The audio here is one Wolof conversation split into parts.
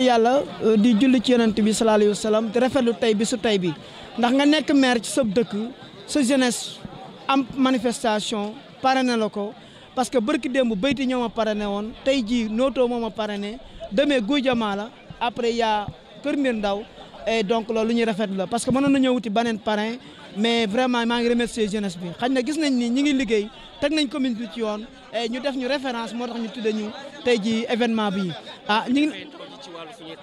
yàlla euh, di julli ci yonent bi sallallahu alayhi wa sallam di rafetlu tey bi su tey bi ndax nga nekk maire ci sab dëkk sa jeunesse am manifestation parrainé la ko parce que barki démb bayti ñoo ma parrainé woon tey jii nootoo moo ma parrainé demee guy jamaa la après yaa Kër Mbir Ndaw e donc loolu lu ñuy rafetlu la parce que mënoon na ñëw wuti beneen parrain mais vraiment maa ngi remercier jeunesse bi xañ na gis nañ ni ñi ngi liggéey teg nañ commune bi ci yoon ñu def ñu référence moo tax ñu tudde ñu tey ji événement bi ah, fu ñuy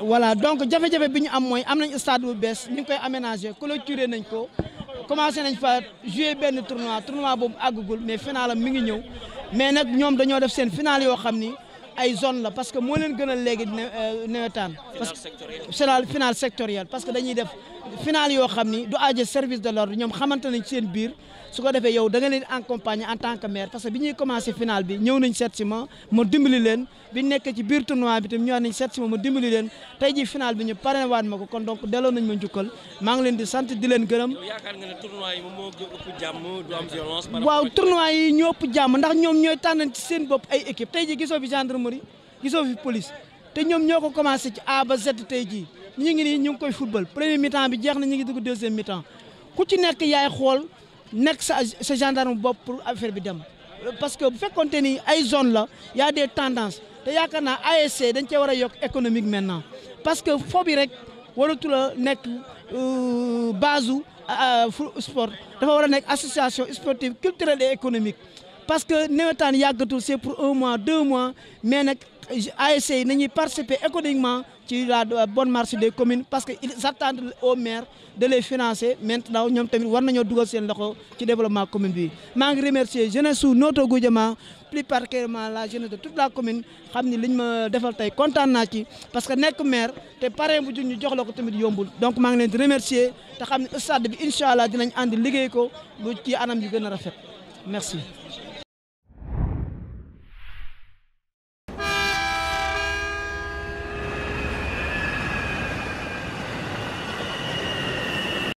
voilà donc jafe-jafe bi ñu am mooy am nañ stade bu bees ñu ngi koy aménagé clôturé nañ ko commencé nañ fa jouer benn tournoi tournoi boobu àggagul mais final am mi ngi ñëw mais nag ñoom dañoo def seen final yoo xam ni. parce que moo leen gënal léegi euh, nawetaan final final sectoriel parce que dañuy def final yoo xam ni du aaje service de l'ordre ñoom xamante seen biir su defee yow da nga leen accompagner en tant parce que bi ñuy commencé final bi ñëw nañ ma ma dimbali bi nekk ci biir tournoi bi tam ñëwaat nañ seet si ma ma dimbali leen ji final bi ñu paree waat ma ko kon donc delloo ma njukkal maa leen di sant di leen waaw tournoi yi ñoo gendarmerie gisoo fi police te ñoom ñoo ko commencé ci A ba Z tey jii ñu ngi nii ñu ngi koy football premier mi-temps bi jeex na ñu ngi dugg deuxième mi-temps ku ci nekk yaay xool nekk sa sa gendarme bopp pour affaire bi dem parce que bu fekkonte ni ay zone la y a des tendances te yaakaar naa ASC dañ cee war a yokk économique maintenant parce que fo bi rek waratu la nekk euh, base u euh, sport dafa war a nekk association sportive culturelle et économique parce que nawetaan yàggatul c'est pour un mois deux mois mais nag ASC yi nañuy participer économiquement ci la euh, bon marche des commune parce que ils attendent au maire de les financer maintenant ñoom tamit war nañoo dugal seen loxo ci développement commune bi maa ngi remercier jeunesse su Notto Goudiama plus particulièrement la jeunesse de toute la commune xam ni liñ ma defal tey kontaan naa ci parce que nekk maire te parrain bu jun ñu jox la ko tamit yombul donc maa ngi leen di remercier te xam ne stade bi incha allah dinañ ànd ko bu ci anam yu gën a rafet merci